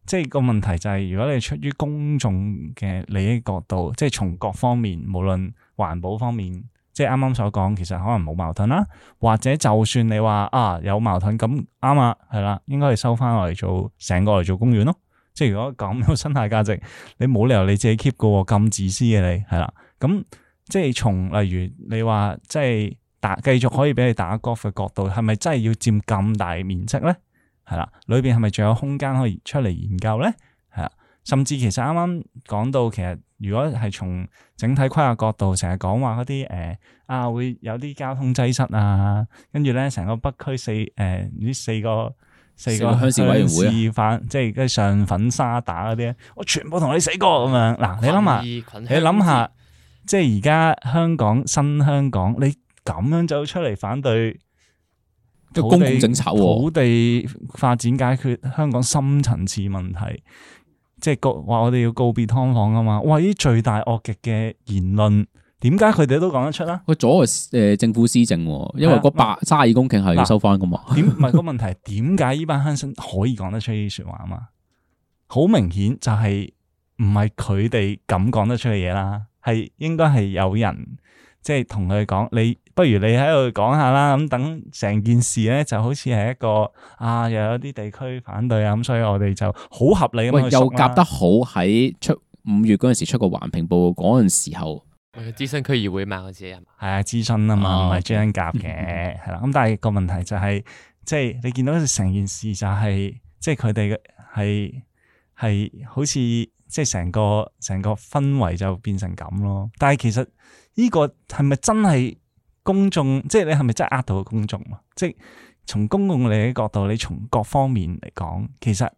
即係個問題就係，如果你出於公眾嘅利益角度，即係從各方面，無論環保方面。即係啱啱所講，其實可能冇矛盾啦，或者就算你話啊有矛盾，咁啱啊係啦，應該係收翻嚟做成個嚟做公園咯。即係如果講到生態價值，你冇理由你自己 keep 嘅喎，咁自私嘅你係啦。咁、嗯、即係從例如你話即係打繼續可以畀你打 golf 嘅角度，係咪真係要佔咁大面積咧？係啦，裏邊係咪仲有空間可以出嚟研究咧？甚至其實啱啱講到，其實如果係從整體規劃角度常常，成日講話嗰啲誒啊會有啲交通擠塞啊，跟住咧成個北區四誒啲、呃、四個四個鄉市委員會啊，會即係跟上粉沙打嗰啲，我全部同你死過咁樣。嗱，你諗下，你諗下，即係而家香港新香港，你咁樣走出嚟反對土地發展解決香港深層次問題。即係告話我哋要告別劏房啊嘛，哇！呢最大惡極嘅言論，點解佢哋都講得出啦？佢阻礙誒政府施政、啊，啊、因為個三十二公頃係要收翻噶嘛。點唔係個問題？點解呢班亨生可以講得出呢啲說話啊？嘛，好明顯就係唔係佢哋咁講得出嘅嘢啦，係應該係有人即係同佢講你。不如你喺度講下啦，咁等成件事咧就好似係一個啊，又有啲地區反對啊，咁所以我哋就好合理咁去講啦。喂，又夾得好喺出五月嗰陣時出個環評報告嗰陣時候，諮詢區議會嘛，我自己係啊，諮詢啊嘛，唔係最夾嘅，係啦。咁、 啊、但係個問題就係、是，即、就、係、是、你見到成件事就係、是，即係佢哋嘅係係好似即係成個成個氛圍就變成咁咯。但係其實呢個係咪真係？公眾即係你係咪真係呃到個公眾？即係從公，公共利益角度，你從各方面嚟講，其實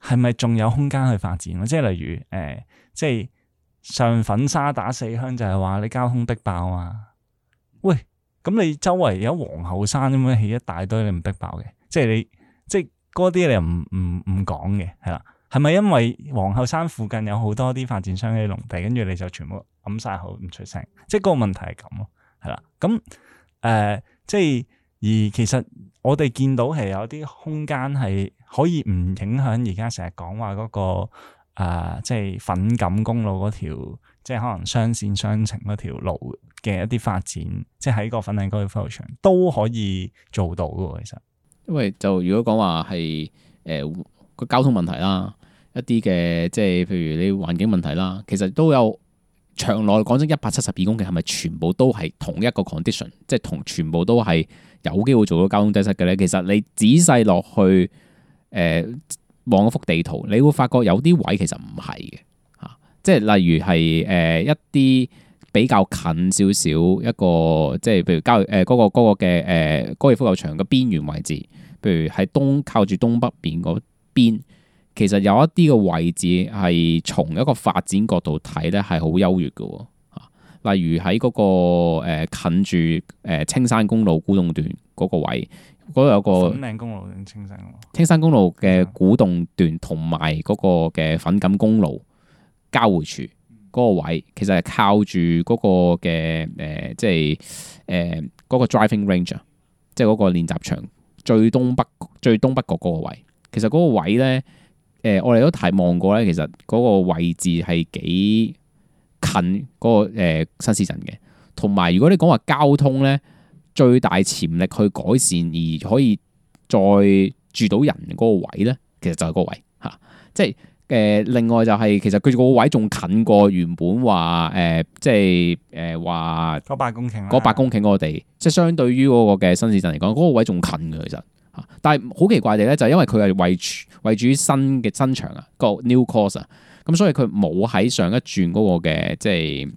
係咪仲有空間去發展？即係例如誒、呃，即係上粉沙打四鄉，就係話你交通逼爆啊！喂，咁你周圍有皇后山咁樣起一大堆你唔逼爆嘅，即係你即係嗰啲你又唔唔唔講嘅係啦？係咪因為皇后山附近有好多啲發展商喺農地，跟住你就全部冚晒口唔出聲？即係個問題係咁咯。咁誒、嗯呃，即係而其實我哋見到係有啲空間係可以唔影響而家成日講話嗰個誒、呃，即係粉錦公路嗰條，即係可能雙線雙程嗰條路嘅一啲發展，即係喺個粉嶺工業發展場都可以做到嘅。其實，因為就如果講話係誒個交通問題啦，一啲嘅即係譬如你環境問題啦，其實都有。場內講真一百七十二公里係咪全部都係同一個 condition，即係同全部都係有機會做到交通擠塞嘅呢？其實你仔細落去誒望、呃、幅地圖，你會發覺有啲位其實唔係嘅，即係例如係誒、呃、一啲比較近少少一個，即係譬如交誒嗰個嗰、嗰個嘅誒、呃、高爾夫球場嘅邊緣位置，譬如喺東靠住東北邊嗰邊。其實有一啲嘅位置係從一個發展角度睇呢，係好優越嘅喎、哦。例如喺嗰、那個、呃、近住誒、呃、青山公路古洞段嗰個位，嗰、那、度、個、有個青山公路嘅古洞段同埋嗰個嘅粉錦公路交匯處嗰個位，其實係靠住嗰個嘅誒、呃，即係誒嗰個 driving range，即係嗰個練習場最東北最東北角嗰個位。其實嗰個位呢。誒、呃，我哋都睇望過咧，其實嗰個位置係幾近嗰、那個、呃、新市鎮嘅。同埋，如果你講話交通呢，最大潛力去改善而可以再住到人嗰個位呢，其實就係個位嚇。即係誒，另外就係其實佢個位仲近過原本話誒、呃，即係誒話嗰八公頃嗰八公頃嗰個地，的即係相對於嗰個嘅新市鎮嚟講，嗰、那個位仲近嘅其實。但係好奇怪地咧，就係因為佢係為為主新嘅新場啊，個 new course 啊，咁所以佢冇喺上一轉嗰個嘅即係誒、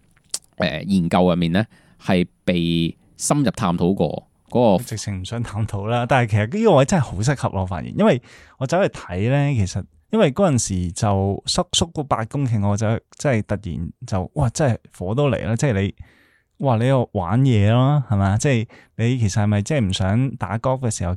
呃、研究入面咧，係被深入探討過嗰、個。直情唔想探討啦，但係其實呢個位真係好適合我發現，因為我走嚟睇咧，其實因為嗰陣時就縮縮個八公頃，我就即係突然就哇，真係火都嚟啦！即係你哇，你度玩嘢咯，係嘛？即係你其實係咪即係唔想打 golf 嘅時候？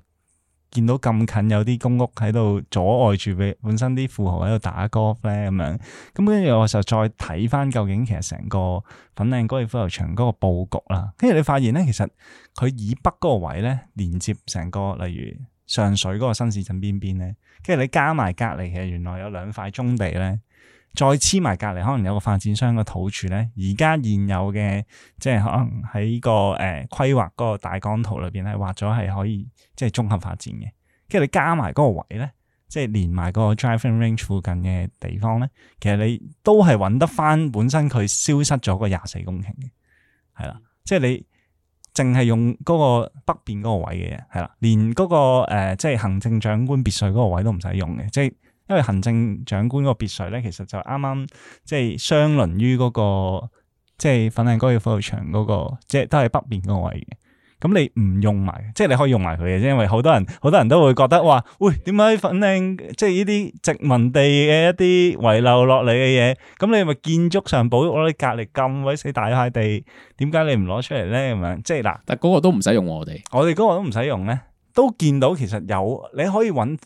見到咁近有啲公屋喺度阻礙住俾本身啲富豪喺度打 golf 咧，咁樣，咁跟住我就再睇翻究竟其實成個粉嶺高爾夫球場嗰個布局啦。跟住你發現咧，其實佢以北嗰個位咧，連接成個例如上水嗰個新市鎮邊邊咧，跟住你加埋隔籬，其實原來有兩塊棕地咧。再黐埋隔離，可能有個發展商嘅土儲咧。而家現有嘅，即係可能喺、個誒、呃、規劃嗰個大綱圖裏邊係畫咗係可以即係綜合發展嘅。跟住你加埋嗰個位咧，即係連埋個 Driving Range 附近嘅地方咧，其實你都係揾得翻本身佢消失咗個廿四公頃嘅，係啦。即係你淨係用嗰個北邊嗰個位嘅嘢，係啦，連嗰、個、呃、即係行政長官別墅嗰個位都唔使用嘅，即係。因為行政長官嗰個別墅咧，其實就啱啱即係相鄰於嗰個即係粉嶺高爾夫球場嗰個，即係都係北面嗰位嘅。咁你唔用埋，即係你可以用埋佢嘅，因為好多人好多人都會覺得話：喂，點解粉嶺即係呢啲殖民地嘅一啲遺留落嚟嘅嘢？咁你咪建築上保，我哋隔籬咁鬼死大塊地，點解你唔攞出嚟咧？咁樣即係嗱，但嗰個都唔使用我哋，我哋嗰個都唔使用咧。都見到其實有你可以揾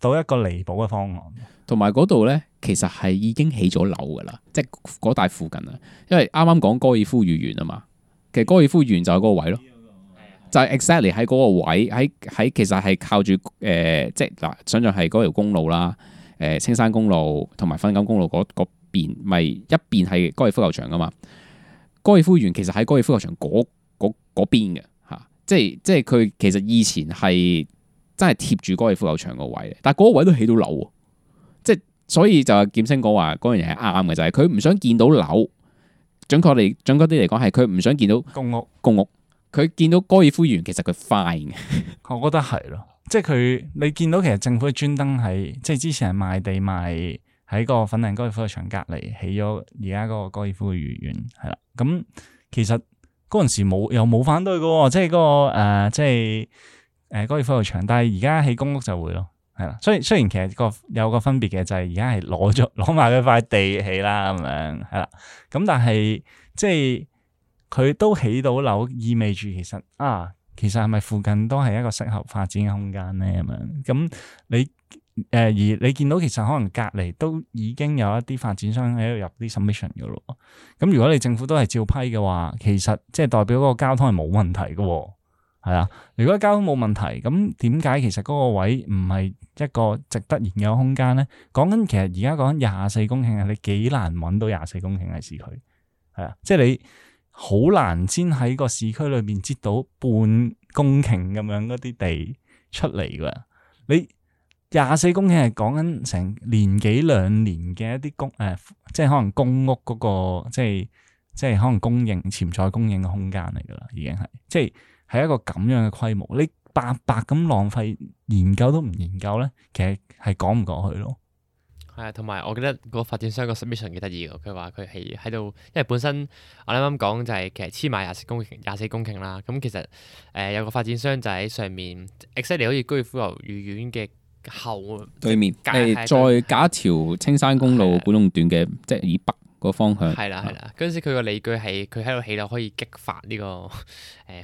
到一個彌補嘅方案，同埋嗰度呢，其實係已經起咗樓噶啦，即係嗰帶附近啊。因為啱啱講高爾夫御園啊嘛，其實高爾夫御園就係嗰個位咯，就係、是、exactly 喺嗰個位喺喺，其實係靠住誒、呃，即係嗱、呃，想象係嗰條公路啦，誒、呃、青山公路同埋粉嶺公路嗰邊，咪一邊係高爾夫球場噶嘛。高爾夫御園其實喺高爾夫球場嗰嗰邊嘅。即係即係佢其實以前係真係貼住高爾夫球場位個位，但係嗰個位都起到樓，即係所以就係劍青哥話嗰樣嘢係啱嘅，就係佢唔想見到樓。準確嚟，準確啲嚟講係佢唔想見到公屋公屋。佢見到高爾夫園，其實佢 fine，我覺得係咯。 即係佢你見到其實政府專登喺即係之前係賣地賣喺個粉嶺高爾夫球場隔籬起咗而家嗰個高爾夫嘅御苑係啦。咁其實。嗰陣時冇又冇反對嘅喎，即係嗰、那個、呃、即係誒嗰個高爾夫球場。但係而家起公屋就會咯，係啦。所以雖然其實個有個分別嘅就係而家係攞咗攞埋佢塊地起啦咁樣，係啦。咁但係即係佢都起到樓，意味住其實啊，其實係咪附近都係一個適合發展嘅空間咧？咁樣咁你。誒、呃、而你見到其實可能隔離都已經有一啲發展商喺度入啲 submission 嘅咯，咁如果你政府都係照批嘅話，其實即係代表嗰個交通係冇問題嘅喎、哦，係啦。如果交通冇問題，咁點解其實嗰個位唔係一個值得研究空間咧？講緊其實而家講緊廿四公頃啊，你幾難揾到廿四公頃喺市區，係啊，即係你好難先喺個市區裏邊擠到半公頃咁樣嗰啲地出嚟㗎，你。廿四公頃係講緊成年幾兩年嘅一啲公誒，即係可能公屋嗰、那個，即係即係可能供應潛在供應嘅空間嚟㗎啦，已經係即係係一個咁樣嘅規模。你白白咁浪費研究都唔研究咧，其實係講唔過去咯。係啊，同埋我記得個發展商個 submission 幾得意嘅，佢話佢係喺度，因為本身我啱啱講就係其實黐埋廿四公頃廿四公頃啦。咁其實誒、呃、有個發展商就喺上面 exactly 好似高爾夫御苑嘅。後對面誒，再隔一條青山公路古洞段嘅，即係以北個方向係啦係啦。嗰陣時佢個理據係佢喺度起樓可以激發呢個誒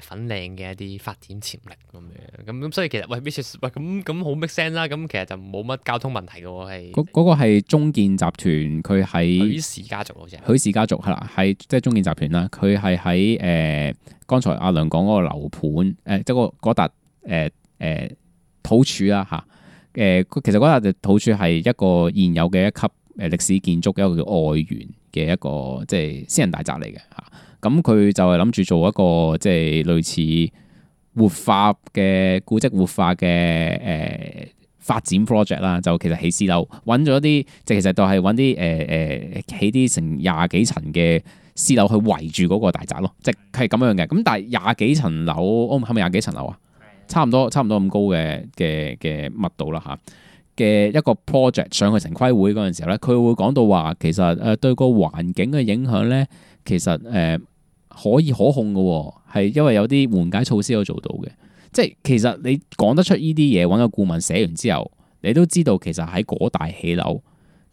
粉嶺嘅一啲發展潛力咁樣咁咁，所以其實喂，咩事喂，咁咁好 make sense 啦。咁其實就冇乜交通問題嘅喎，係嗰個係中建集團佢喺許氏家族好似許氏家族係啦，喺即係中建集團啦。佢係喺誒，剛才阿梁講嗰個樓盤即係嗰嗰笪誒誒土柱啦嚇。誒，其實嗰度就好似係一個現有嘅一級誒歷史建築嘅一個叫外園嘅一個即係、就是、私人大宅嚟嘅嚇，咁佢就係諗住做一個即係、就是、類似活化嘅古跡活化嘅誒、呃、發展 project 啦，就其實起私樓，揾咗啲即其實就係揾啲誒誒起啲成廿幾層嘅私樓去圍住嗰個大宅咯，即係咁樣嘅。咁但係廿幾層樓，我唔係咪廿幾層樓啊？差唔多，差唔多咁高嘅嘅嘅密度啦吓，嘅一個 project 上去城規會嗰陣時候咧，佢會講到話，其實誒對個環境嘅影響咧，其實誒、呃、可以可控嘅喎、哦，係因為有啲緩解措施可以做到嘅。即係其實你講得出呢啲嘢，揾個顧問寫完之後，你都知道其實喺嗰大起樓，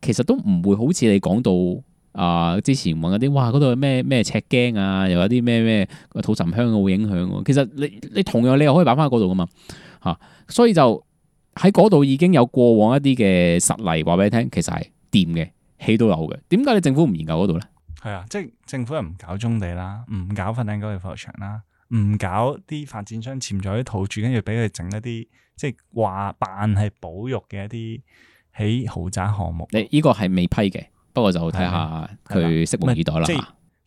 其實都唔會好似你講到。啊！之前問嗰啲，哇，嗰度咩咩赤驚啊，又有啲咩咩土沉香嘅會影響，啊。其實你你同樣你又可以擺翻嗰度噶嘛嚇、啊，所以就喺嗰度已經有過往一啲嘅實例話俾你聽，其實係掂嘅，起都有嘅。點解你政府唔研究嗰度咧？係啊，即係政府又唔搞棕地啦，唔搞發展高爾夫場啦，唔搞啲發展商潛在啲土住，跟住俾佢整一啲即係話扮係保育嘅一啲起豪宅項目。你依、這個係未批嘅。不過就睇下佢識唔識耳朵啦。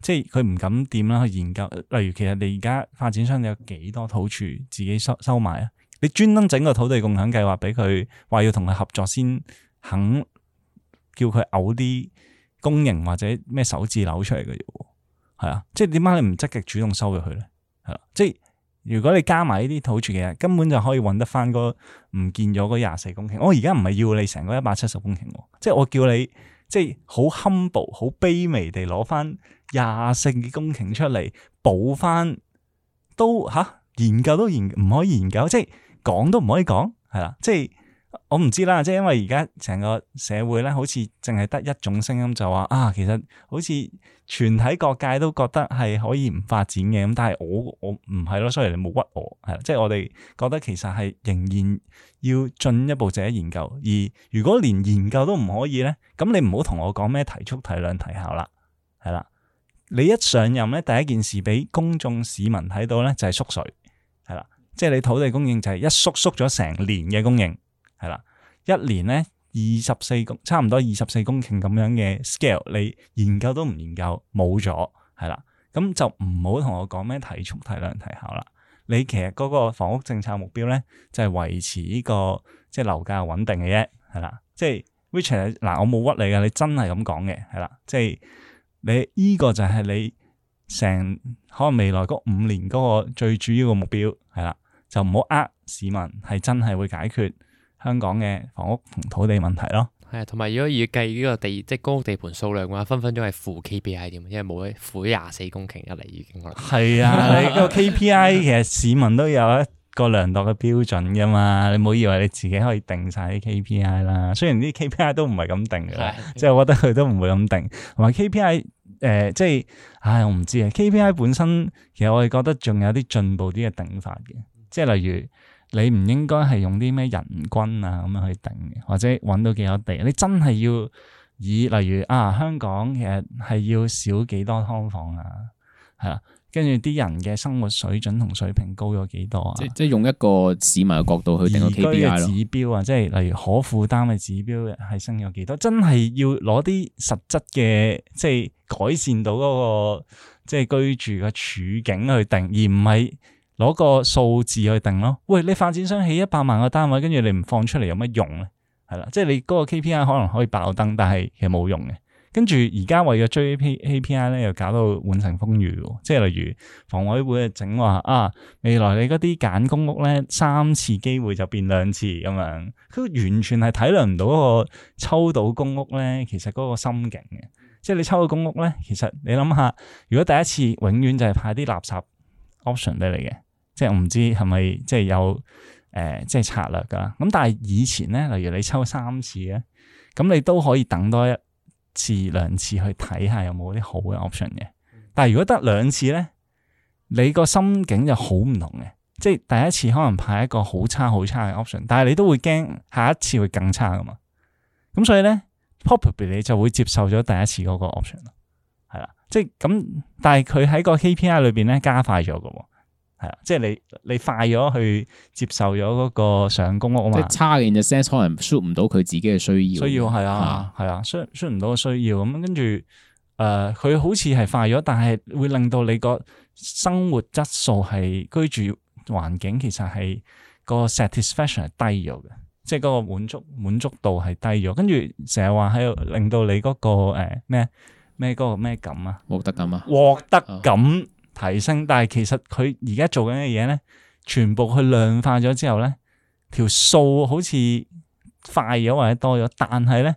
即係佢唔敢掂啦，去研究。例如其實你而家，發展商有幾多土處自己收收埋啊？你專登整個土地共享計劃俾佢，話要同佢合作先肯叫佢嘔啲公營或者咩首置樓出嚟嘅，係啊？即係點解你唔積極主動收入去咧？係啦，即係如果你加埋呢啲土處嘅嘢，根本就可以搵得翻個唔見咗嗰廿四公頃。我而家唔係要你成個一百七十公頃，即係我叫你。即係好 humble，好卑微地攞翻廿四嘅公頃出嚟補翻，都嚇研究都研唔可以研究，即係講都唔可以講，係啦，即係。我唔知啦，即係因為而家成個社會咧，好似淨係得一種聲音就話啊，其實好似全體各界都覺得係可以唔發展嘅。咁但係我我唔係咯，所以你冇屈我係啦。即係我哋覺得其實係仍然要進一步做一研究。而如果連研究都唔可以咧，咁你唔好同我講咩提速、提量、提效啦，係啦。你一上任咧，第一件事俾公眾市民睇到咧就係縮水，係啦，即係你土地供應就係一縮縮咗成年嘅供應。係啦，一年咧二十四公差唔多二十四公頃咁樣嘅 scale，你研究都唔研究，冇咗，係啦，咁就唔好同我講咩提速提量提效啦。你其實嗰個房屋政策目標咧，就係維持呢個即係樓價穩定嘅啫，係啦，即係，which 係嗱，我冇屈你噶，你真係咁講嘅，係啦，即係你呢個就係你成可能未來五年嗰個最主要嘅目標，係啦，就唔好呃市民，係真係會解決。香港嘅房屋同土地問題咯，係啊，同埋如果要計呢個地，即係公屋地盤數量嘅話，分分鐘係負 KPI 點，因為冇一負廿四公頃入嚟已經啦。係啊，你個 KPI 其實市民都有一個量度嘅標準噶嘛，你冇以為你自己可以定晒啲 KPI 啦。雖然啲 KPI 都唔係咁定嘅，即係、啊、 我覺得佢都唔會咁定。同埋 KPI，誒、呃，即係，唉、哎，我唔知啊。KPI 本身，其實我哋覺得仲有啲進步啲嘅定法嘅，即係例如。你唔應該係用啲咩人均啊咁樣去定，或者揾到幾多地？你真係要以例如啊，香港其實係要少幾多劏房啊，係啦，跟住啲人嘅生活水準同水平高咗幾多啊？即即係用一個市民嘅角度去定個 KPI、居指標啊，即係例如可負擔嘅指標係升咗幾多？嗯、真係要攞啲實質嘅，即係改善到嗰、嗰個即係居住嘅處境去定，而唔係。攞個數字去定咯，喂，你發展商起一百萬個單位，跟住你唔放出嚟有乜用咧？係啦，即係你嗰個 KPI 可能可以爆燈，但係其實冇用嘅。跟住而家為咗追 KPI 咧，又搞到滿城風雨喎。即係例如房委會整話啊，未來你嗰啲揀公屋咧，三次機會就變兩次咁樣，佢完全係體諒唔到嗰個抽到公屋咧，其實嗰個心境嘅。即係你抽到公屋咧，其實你諗下，如果第一次永遠就係派啲垃圾 option 俾你嘅。即係我唔知係咪、呃、即係有誒即係策略噶，咁但係以前咧，例如你抽三次咧，咁你都可以等多一次兩次去睇下有冇啲好嘅 option 嘅。但係如果得兩次咧，你個心境就好唔同嘅。即係第一次可能派一個好差好差嘅 option，但係你都會驚下一次會更差噶嘛。咁所以咧，probably 你就會接受咗第一次嗰個 option 咯，係啦。即係咁，但係佢喺個 KPI 裏邊咧加快咗噶喎。即係你你快咗去接受咗嗰個上公屋嘛？即係差嘅 in the sense 可能 suit 唔到佢自己嘅需要。需要係啊，係啊，suit suit 唔到嘅需要。咁跟住誒，佢、啊啊呃、好似係快咗，但係會令到你個生活質素係居住環境其實係、嗰個 satisfaction 係低咗嘅，即係嗰個滿足滿足度係低咗。跟住成日話喺度令到你嗰、嗰個誒咩咩嗰個咩感啊？獲得感啊？獲得感、啊。提升，但係其實佢而家做緊嘅嘢咧，全部去量化咗之後咧，條數好似快咗或者多咗，但係咧，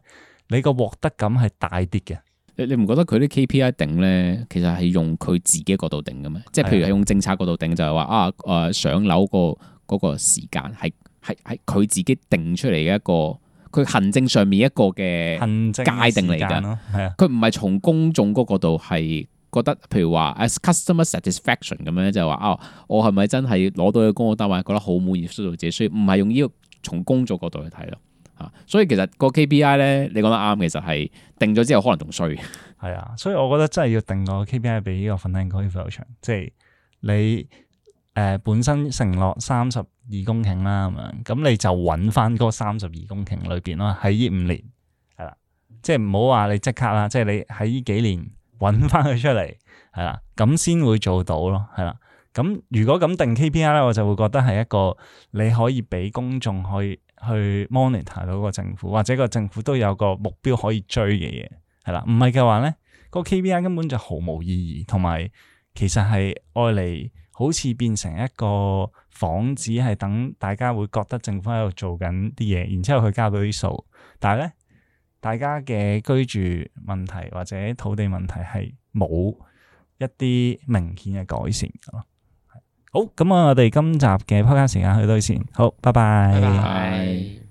你個獲得感係大啲嘅。你你唔覺得佢啲 KPI 定咧，其實係用佢自己角度定嘅咩？即係譬如係用政策角度定，的就係話啊誒上樓個嗰個時間係係係佢自己定出嚟嘅一個佢行政上面一個嘅界定嚟㗎，係啊的，佢唔係從公眾嗰個角度係。覺得譬如話 customer satisfaction 咁樣就係話，哦，我係咪真係攞到嘅工作單，或者覺得好滿意，所以唔係用呢個從工作角度去睇咯，嚇、啊。所以其實個 KPI 咧，你講得啱其實係定咗之後可能仲衰。係啊，所以我覺得真係要定個 KPI 俾呢個 financial version 即係你誒、呃、本身承諾三十二公頃啦咁樣，咁你就揾翻嗰三十二公頃裏邊咯，喺呢五年係啦，即係唔好話你即刻啦，即係你喺呢幾年。揾翻佢出嚟，係啦，咁先會做到咯，係啦。咁如果咁定 KPI 咧，我就會覺得係一個你可以俾公眾可以去，去 monitor 到個政府，或者個政府都有個目標可以追嘅嘢，係啦。唔係嘅話咧，個 KPI 根本就毫無意義，同埋其實係愛嚟好似變成一個幌子，係等大家會覺得政府喺度做緊啲嘢，然之後佢交到啲數，但係咧。大家嘅居住問題或者土地問題係冇一啲明顯嘅改善咯。好咁啊！我哋今集嘅 podcast 時間去到先，好，拜拜。Bye bye。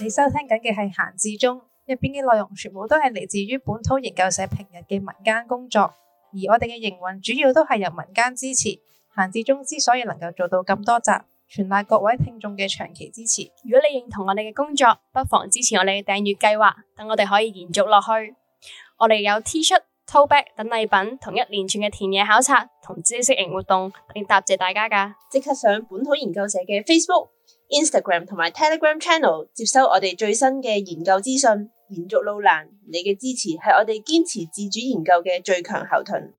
你收聽緊嘅係閒置中入邊嘅內容，全部都係嚟自於本土研究社平日嘅民間工作，而我哋嘅營運主要都係由民間支持。行至中之所以能夠做到咁多集，全賴各位聽眾嘅長期支持。如果你認同我哋嘅工作，不妨支持我哋嘅訂閱計劃，等我哋可以延續落去。我哋有 T 恤、Tote Bag 等禮品，同一連串嘅田野考察同知識型活動，特別答謝大家㗎。即刻上本土研究社嘅 Facebook、Instagram 同埋 Telegram Channel 接收我哋最新嘅研究資訊，延續路難，你嘅支持係我哋堅持自主研究嘅最強後盾。